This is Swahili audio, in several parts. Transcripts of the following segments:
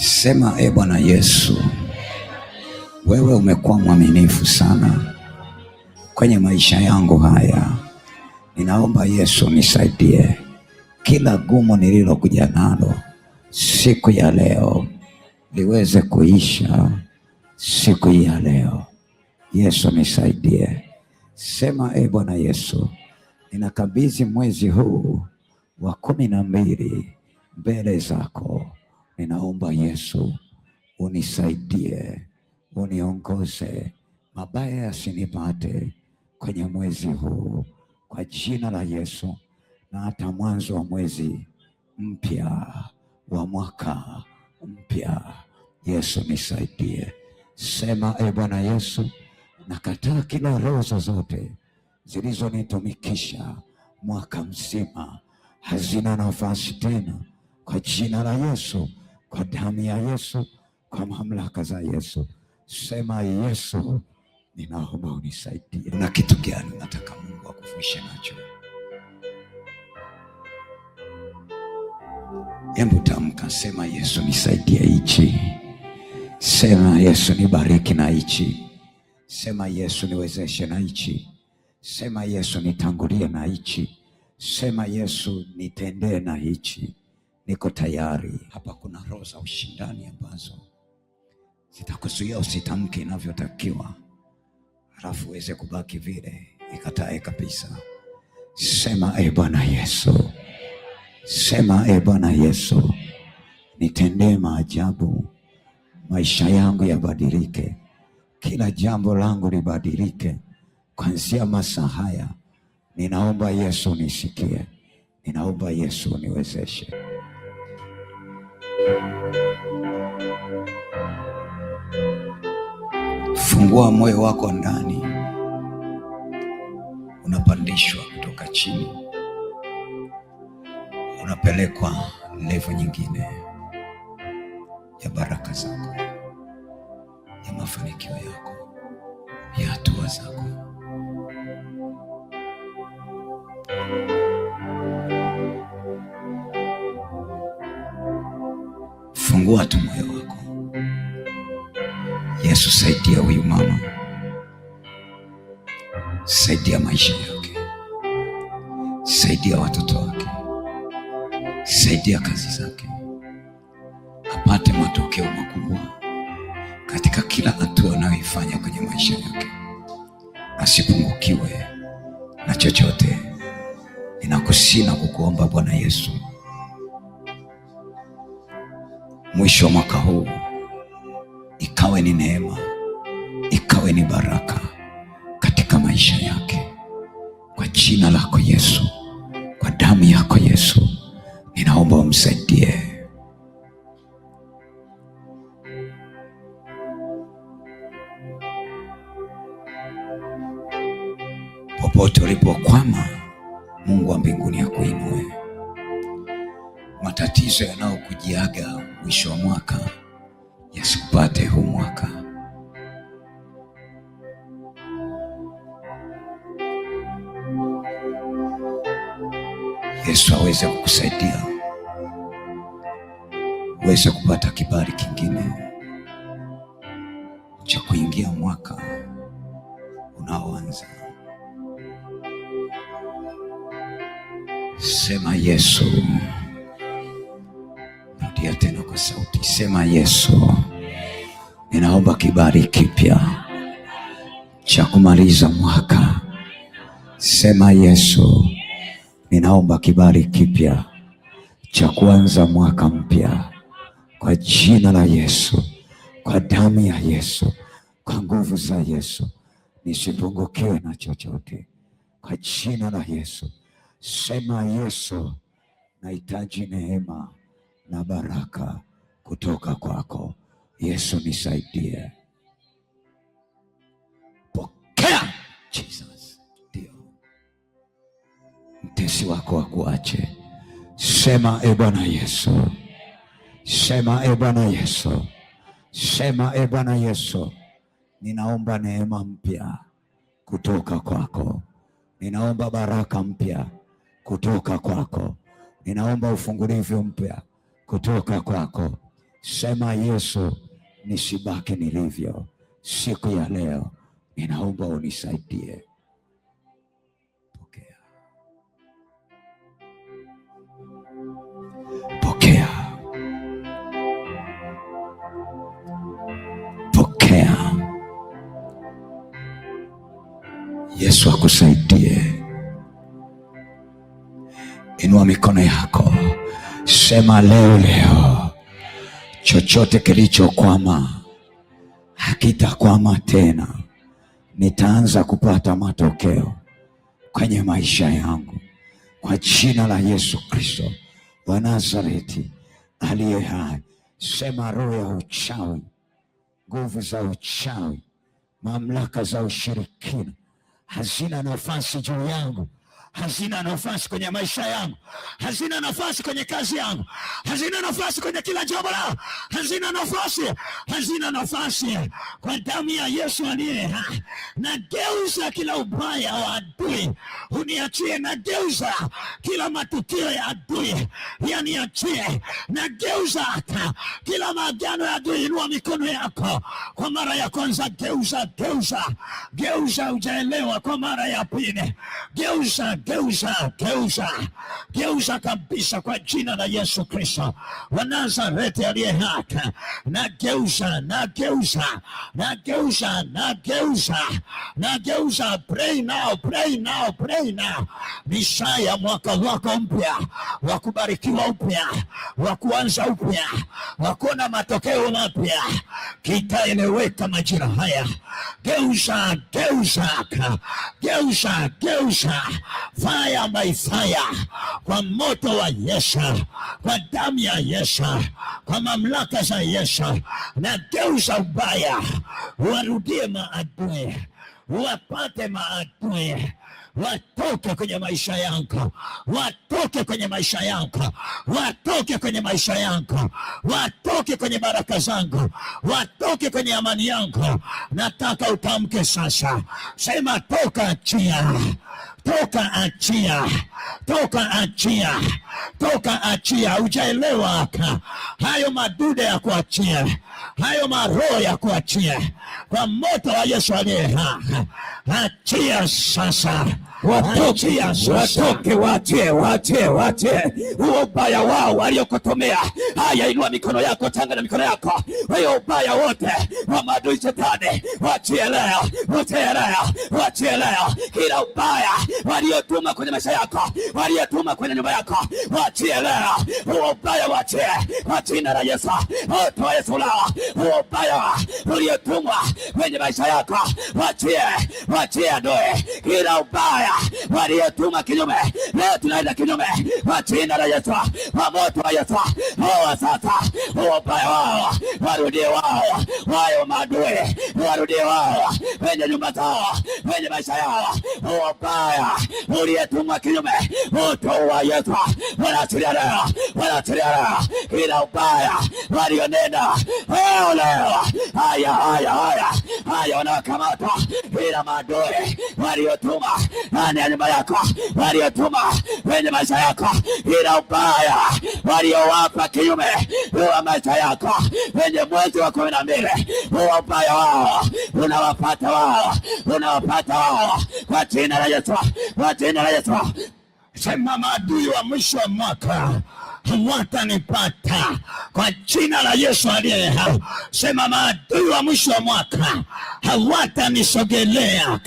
Sema e Bwana Yesu, wewe umekuwa mwaminifu sana kwenye maisha yangu haya. Ninaomba Yesu nisaidie, kila gumu nililokuja nalo siku ya leo liweze kuisha siku hii ya leo. Yesu nisaidie. Sema e Bwana Yesu, ninakabidhi mwezi huu wa kumi na mbili mbele zako Ninaomba Yesu unisaidie, uniongoze, mabaya yasinipate kwenye mwezi huu kwa jina la Yesu, na hata mwanzo wa mwezi mpya wa mwaka mpya. Yesu nisaidie. Sema, e Bwana Yesu, nakataa kila roho zozote zilizonitumikisha mwaka mzima, hazina nafasi tena kwa jina la Yesu kwa damu ya Yesu, kwa mamlaka za Yesu. Sema Yesu, ninaomba unisaidie. na kitu gani nataka Mungu akufuishe nacho? Hebu tamka, sema Yesu nisaidie hichi. Sema Yesu nibariki na hichi. Sema Yesu niwezeshe na hichi. Sema Yesu nitangulie na hichi. Sema Yesu nitendee na hichi niko tayari. Hapa kuna roho za ushindani ambazo zitakuzuia usitamke inavyotakiwa, halafu uweze kubaki vile, ikatae kabisa. Sema e Bwana Yesu, sema e Bwana Yesu, nitendee maajabu, maisha yangu yabadilike, kila jambo langu libadilike kuanzia masa haya. Ninaomba Yesu nisikie, ninaomba Yesu niwezeshe. Fungua moyo wako ndani, unapandishwa kutoka chini, unapelekwa levo nyingine ya baraka zako, ya mafanikio yako, ya hatua zako. fungua tu moyo wako. Yesu, saidia huyu mama, saidia maisha yake, saidia watoto wake, saidia kazi zake, apate matokeo makubwa katika kila hatua anayoifanya kwenye maisha yake, asipungukiwe na chochote. Ninakusina kukuomba Bwana Yesu mwisho wa mwaka huu ikawe ni neema, ikawe ni baraka katika maisha yake, kwa jina lako Yesu, kwa damu yako Yesu, ninaomba umsaidie. Popote ulipokwama, Mungu wa mbinguni akuinue matatizo yanayokujiaga mwisho wa mwaka yasikupate huu mwaka. Yesu aweze kukusaidia uweze kupata kibali kingine cha kuingia mwaka unaoanza. Sema Yesu Rudia tena kwa sauti, sema Yesu, ninaomba kibali kipya cha kumaliza mwaka. Sema Yesu, ninaomba kibali kipya cha kuanza mwaka mpya, kwa jina la Yesu, kwa damu ya Yesu, kwa nguvu za Yesu, nisipungukiwe na chochote, kwa jina la Yesu. Sema Yesu, nahitaji neema na baraka kutoka kwako. Yesu nisaidie, pokea Jesus. Ndio mtesi wako akuache. Sema e Bwana Yesu, sema e Bwana Yesu, sema e Bwana Yesu, ninaomba neema mpya kutoka kwako, ninaomba baraka mpya kutoka kwako, ninaomba ufungulivyo mpya kutoka kwako. Sema Yesu, nisibaki nilivyo siku ya leo, ninaomba unisaidie. Pokea, pokea, pokea. Yesu akusaidie. Inua mikono yako. Sema leo leo, chochote kilichokwama hakitakwama tena. Nitaanza kupata matokeo kwenye maisha yangu kwa jina la Yesu Kristo wa Nazareti aliye hai. Sema roho ya uchawi, nguvu za uchawi, mamlaka za ushirikina hazina nafasi juu yangu hazina nafasi kwenye maisha yangu, hazina nafasi kwenye kazi yangu, hazina nafasi kwenye kila jambo la, hazina nafasi, hazina nafasi. Kwa damu ya Yesu aliye geuza kila ubaya wa adui, uniachie. na geuza kila matukio ya adui yaniachie. hata kila maagano ya adui. Inua mikono yako kwa mara ya kwanza, geuza, geuza, geuza. Ujaelewa, kwa mara ya pili, geuza geuza, geuza, geuza kabisa kwa jina la Yesu Kristo wa Nazareti aliye haki. Na geuza, na geuza, na geuza, na geuza, na geuza. Pray now, pray now, pray now. Ni mwaka wako mpya wa kubarikiwa upya, wa kuanza upya, wa kuona matokeo mapya. Kitaeleweka majira haya. Geuza, geuza, geuza, geuza fire by fire, kwa moto wa Yesha, kwa damu ya Yesha, kwa mamlaka za Yesha, na geuza ubaya, warudie maadui, wapate maadui watoke kwenye maisha yangu, watoke kwenye maisha yangu, watoke kwenye maisha yangu, watoke kwenye baraka zangu, watoke kwenye amani yangu. Nataka utamke sasa, sema toka, achia toka achia, toka achia, toka achia. Ujaelewa hayo madude ya kuachia, hayo maroho ya kuachia kwa moto wa Yesu aliye hai. Achia sasa watoke, watoke, watie, watie, watie huo ubaya wao waliokotomea. Haya, inua mikono yako, tanga na mikono yako, hiyo ubaya wote wa maadui shetani, watie leo, watie leo, watie leo, kila ubaya waliotuma kwenye maisha yako, waliotuma kwenye nyumba yako, watie leo, huo ubaya watie, kwa jina la Yesu, otoa Yesu lao, huo ubaya uliotumwa kwenye maisha yako, watie, watie adoe kila ubaya waliyetuma kinyume, leo tunaenda kinyume kwa jina la Yesu, kwa moto wa Yesu. Hawa sasa, wabaya wao warudie, wao wayo maadui ndio wao wenye nyumba zao, wenye maisha yao wabaya, uliyetumwa kinyume utowa Yesu, wanaachilia leo, wanaachilia leo kila ubaya walionena leo leo. Haya, haya, haya, haya, wanawakamata kila maadui waliotuma ndani ya nyumba yako, waliotuma wenye maisha yako, kila ubaya waliowapa kinyume wa maisha yako, wenye mwezi wa kumi na mbili wa ubaya wao unawapata wao, unawapata wao kwa jina la Yesu, kwa jina la Yesu. Sema adui wa mwisho wa mwaka hawatanipata kwa jina la Yesu aliye hai. Sema, maadui wa mwisho wa mwaka hawatanisogelea.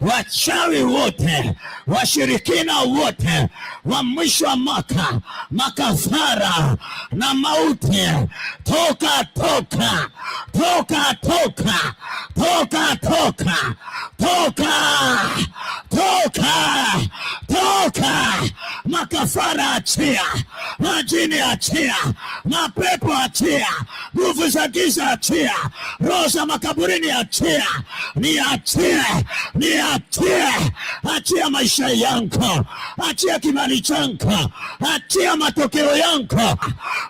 Wachawi wote, washirikina wote wa mwisho wa mwaka, makafara na mauti, toka toka toka toka toka toka toka toka toka, makafara achia majini achia, mapepo achia, nguvu za giza achia, roho za makaburini achia, ni achie, ni achie, achia maisha yangu, achia kimali changu, achia matokeo yangu,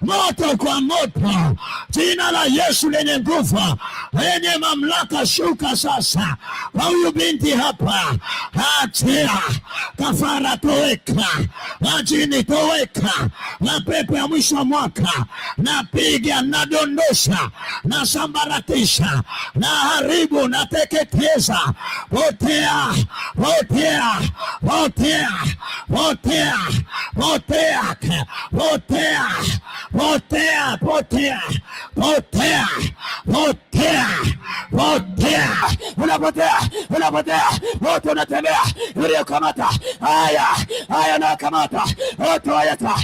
moto kwa moto, jina la Yesu lenye nguvu, lenye mamlaka, shuka sasa kwa huyu binti hapa, achia, kafara toweka, majini toweka na pepo ya mwisho wa mwaka, napiga nadondosha, nasambaratisha, na haribu, nateketeza. Potea, potea, potea, potea, potea, potea, potea, potea, potea, potea, potea, unapotea, unapotea, wote unatembea, yule uliyokamata haya haya, nakamata wote wayata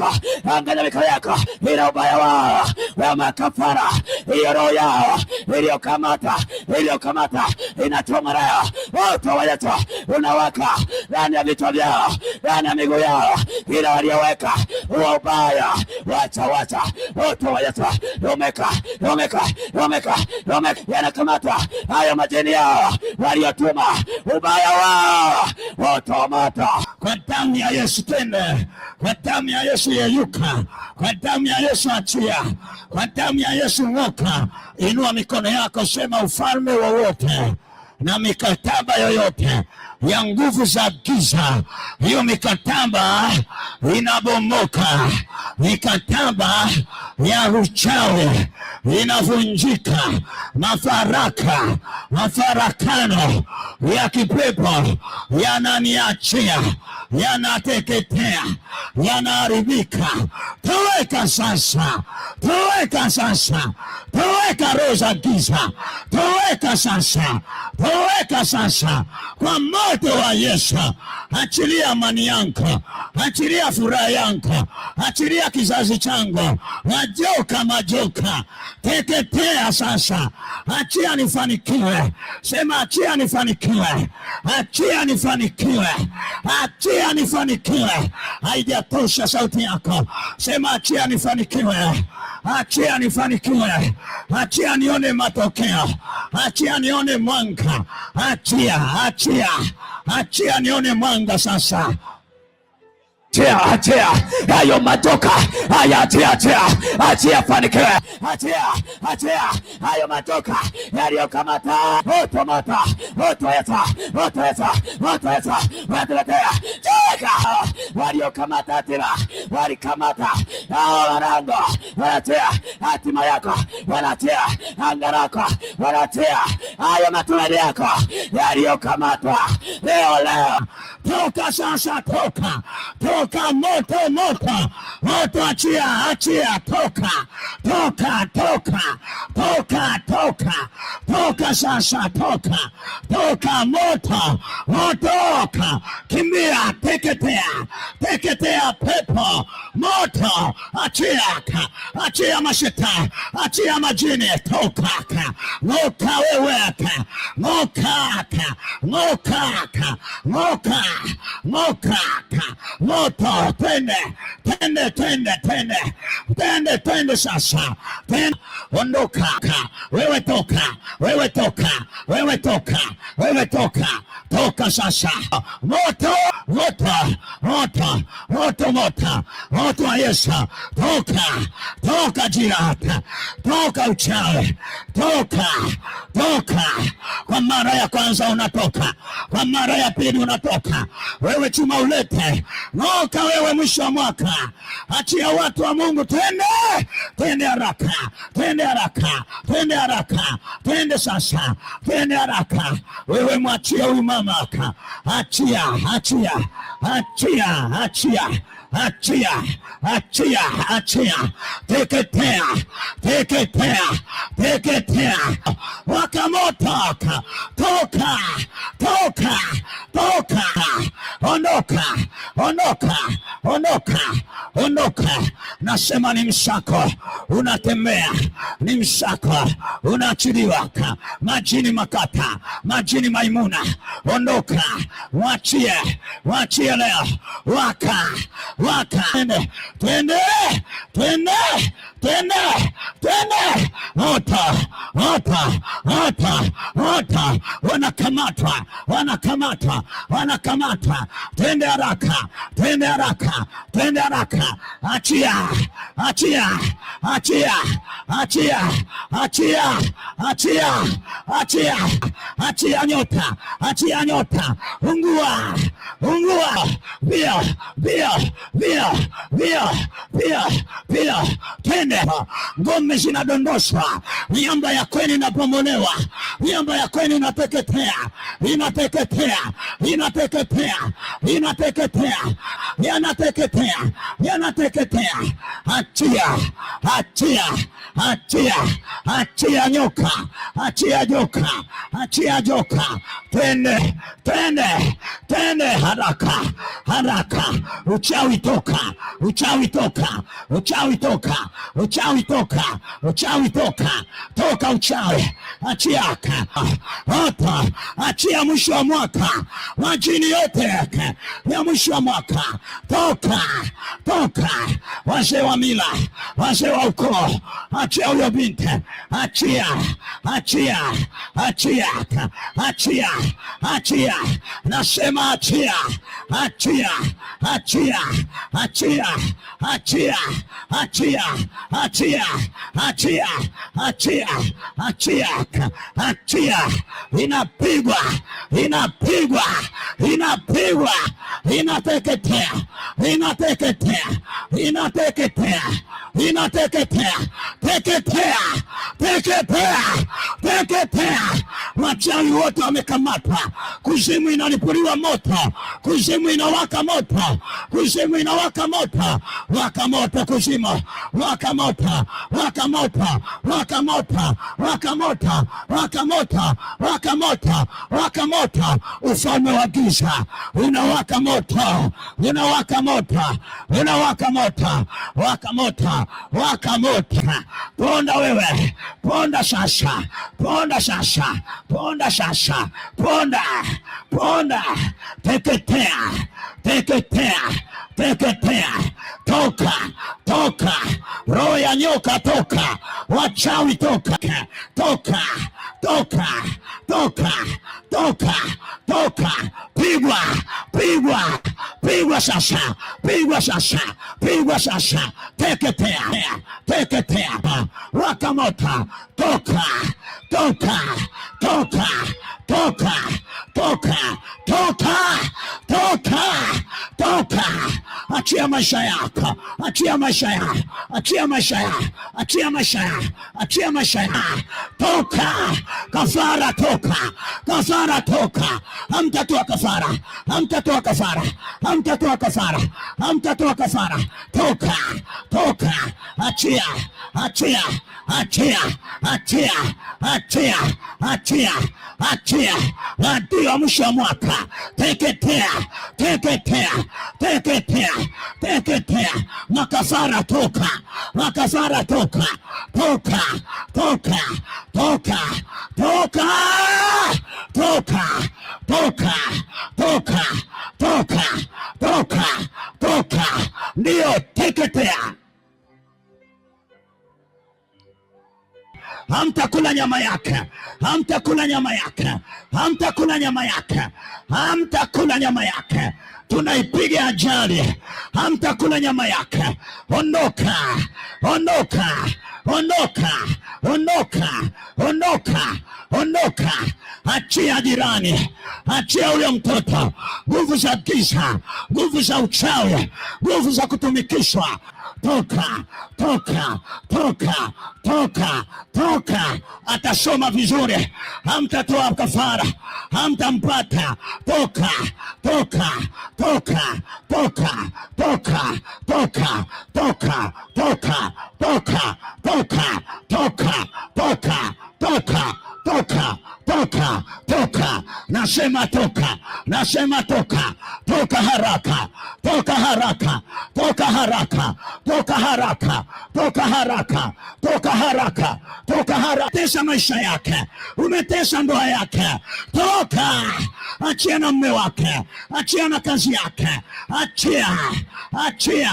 yako, angalia mikono yako, ila ubaya wao wa makafara, hiyo roho yao iliyokamata iliyokamata inachoma leo, moto wa unawaka ndani ya vichwa vyao, ndani ya miguu yao, ila waliyoweka huwa ubaya wacha wacha, moto wa Yesu yomeka yomeka yomeka omeka, yanakamata haya majini yao waliotuma ubaya wao, watamata kwa damu ya Yesu, tende kwa damu ya Yesu, yeyuka kwa damu ya Yesu, achia kwa damu ya Yesu, ng'oka. Inua mikono yako, sema ufalme wowote na mikataba yoyote ya nguvu za giza, hiyo mikataba inabomoka, mikataba ya uchawi inavunjika, mafaraka mafarakano ya kipepo yananiachia yanateketea, yanaharibika. Toweka sasa, toweka sasa, toweka roho za giza, toweka sasa, toweka sasa kwa moto wa Yesu. Achilia amani yangu, achilia furaha yangu, achilia kizazi changu. Majoka, majoka, teketea sasa, achia nifanikiwe. Sema achia nifanikiwe, achia nifanikiwe, achia Achia nifanikiwe, haijatosha sauti yako, sema achia nifanikiwe, achia nifanikiwe, achia nione matokeo, achia nione mwanga, achia, achia, achia nione mwanga sasa Achia, achia hayo majoka haya, achia, achia, achia, fanikiwe, achia, achia hayo majoka yaliyokamata otomata otoesa otoesa otoesa watuletea mateka hawa waliokamata hatima, walikamata hawa wanango, wanatia hatima yako, wanatia anga lako, wanatia haya matumaini yako yaliyokamatwa leo leo. Toka sasa, toka toka, moto moto moto, achia achia, toka toka toka toka toka toka sasa, toka toka, moto moto, kimbia teke teketea, teketea pepo moto, achia achia mashita, achia majini, toka ng'oka, wewe ng'oka, ng'oka, ng'oka, ng'oka, moto, tende tende tende tende tende tende, sasa tende, ondoka wewe, toka wewe, toka wewe, toka wewe, toka toka, sasa moto, moto, moto, moto, moto moto wa Yesu, toka toka jirani, toka uchawe toka toka. Kwa mara ya kwanza unatoka, kwa mara ya pili unatoka. Wewe chuma ulete noka, wewe mwisho wa mwaka, achia watu wa Mungu, twende twende haraka, twende haraka, twende haraka, twende sasa, twende haraka. Wewe mwachia huyu mama, achia, achia, achia, achia achia, achia, achia, teketea, teketea, teketea, waka moto, toka, toka, toka, onoka, onoka, onoka, ondoka Nasema ni msako unatembea, ni msako unaachiliwa majini Makata, majini Maimuna, ondoka, wachie, wachie leo, waka wakane, twende twende Twende, twende, ota, ota, ota, ota, wanakamatwa, wanakamatwa, wanakamatwa. Twende haraka, twende haraka, twende haraka. Achia, achia, achia, achia, achia, achia, achia, achia nyota, achia nyota, ungua, ungua, bia bia bia bia bia bia, twende mnene, ngome zinadondoshwa, miamba ya kweni inabomolewa, miamba ya kweni inateketea, inateketea, inateketea, inateketea, yanateketea, yanateketea. Achia, achia, achia, achia nyoka, achia joka, achia joka. Tende, tende, tende, haraka, haraka! Uchawi toka, uchawi toka, uchawi toka Uchawi toka, uchawi toka, toka uchawi, achia hata, achia mwisho wa mwaka, majini yote ya mwisho wa mwaka toka, toka. Wazee wa mila, wazee wa ukoo, achia huyo binti, achia, achia, achia, achia, achia, nasema achia, achia, achia, achia, achia, achia achia, achia, achia, achia, achia! Inapigwa, inapigwa, inapigwa, inateketea, inateketea, inateketea, inateketea, teketea, teketea, teketea Wachawi wote wamekamatwa. Kuzimu inalipuliwa moto, kuzimu inawaka moto, kuzimu inawaka moto, waka moto kuzimu, waka moto, waka moto, waka moto, waka moto, waka moto, waka moto, waka moto. Ufalme wa giza unawaka moto, unawaka moto, unawaka moto, waka moto, waka moto. Ponda wewe, ponda sasa, ponda sasa. Ponda sasa, ponda, ponda, teketea, teketea, teketea, toka, toka, roho ya nyoka toka, wachawi toka, toka, toka, toka, toka, toka, toka. pigwa pigwa pigwa sasa pigwa sasa pigwa sasa, teketea teketea, waka moto, toka toka toka toka toka toka toka toka, achia maisha yako, achia maisha yako, achia maisha yako, achia maisha yako, achia maisha yako, toka kafara, toka kafara, toka. Hamtatoa kafara, hamtatoa kafara, hamtatoa kafara, hamtatoa kafara, toka, toka, achia, achia, achia, achia, achia, achia, achia. Ndio mwisho wa mwaka, teketea, teketea teketea, teketea, makasara toka, makasara toka, toka, toka, toka, toka, toka, toka, toka, toka, toka, toka, ndiyo teketea. hamtakula nyama yake, hamtakula nyama yake, hamtakula nyama yake, hamtakula nyama yake. Tunaipiga ajali, hamtakula nyama yake. Ondoka, ondoka, ondoka, ondoka, ondoka, ondoka. Achia jirani, achia huyo mtoto. Nguvu za giza, nguvu za uchawi, nguvu za kutumikishwa toka, toka, toka, toka, toka. Atasoma vizuri, hamtatoa kafara, hamtampata. Toka, toka, toka, toka, toka, toka, toka, toka, toka, toka, toka, toka, toka, toka, toka, toka Nasema toka, nasema toka, toka haraka, toka haraka, toka haraka, toka haraka, toka haraka, toka haraka, toka haraka. Tesa maisha yake, umetesa ndoa yake, toka. Achia na mme wake, achia na kazi yake, achia, achia,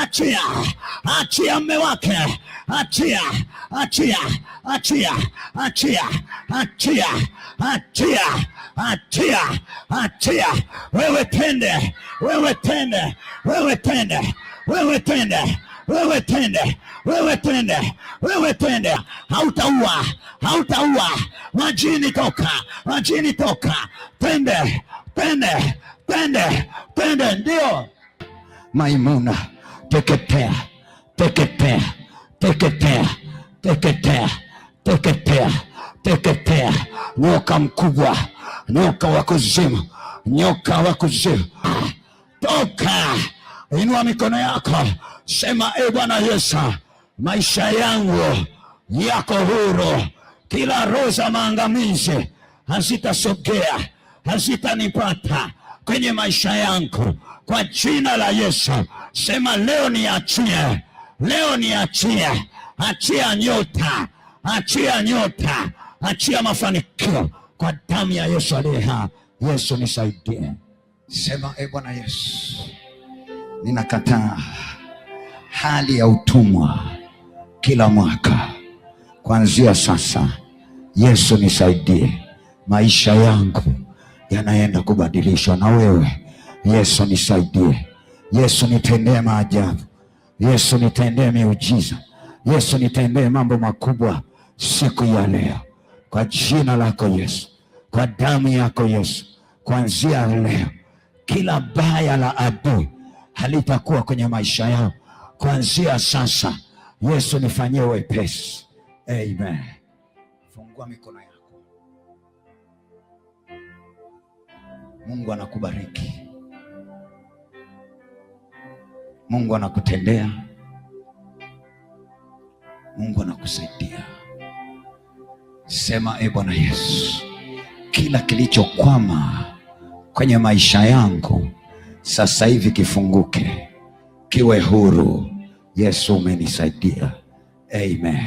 achia, achia mme wake achia, achia, achia, achia, achia, achia, achia, achia. Wewe tende, wewe tende, wewe tende, wewe tende wewe tende, wewe tende, wewe tende. Hautaua, hautaua. Majini toka, majini toka. Tende, tende, tende, tende. Ndio Maimuna, teketea, teketea teketea, teketea, teketea, teketea, nyoka mkubwa, nyoka wa kuzimu, nyoka wa kuzimu, toka! Inua mikono yako, sema: e Bwana Yesu, maisha yangu yako huru, kila roho za maangamizi hazitasogea, hazitanipata kwenye maisha yangu, kwa jina la Yesu. Sema leo niachie Leo ni achia, achia nyota, achia nyota, achia mafanikio kwa damu ya Yesu aliye hai. Yesu nisaidie. Sema e Bwana Yesu, ninakataa hali ya utumwa kila mwaka kuanzia sasa. Yesu nisaidie, maisha yangu yanaenda kubadilishwa na wewe. Yesu nisaidie, Yesu nitendee maajabu Yesu, nitendee miujiza. Yesu, nitendee mambo makubwa siku ya leo, kwa jina lako Yesu, kwa damu yako Yesu. Kuanzia leo, kila baya la adui halitakuwa kwenye maisha yao. Kuanzia sasa, Yesu nifanyie wepesi. Amen. Fungua mikono yako, Mungu anakubariki. Mungu anakutendea, Mungu anakusaidia. Sema, e Bwana Yesu, kila kilichokwama kwenye maisha yangu sasa hivi kifunguke, kiwe huru. Yesu, umenisaidia. Amen.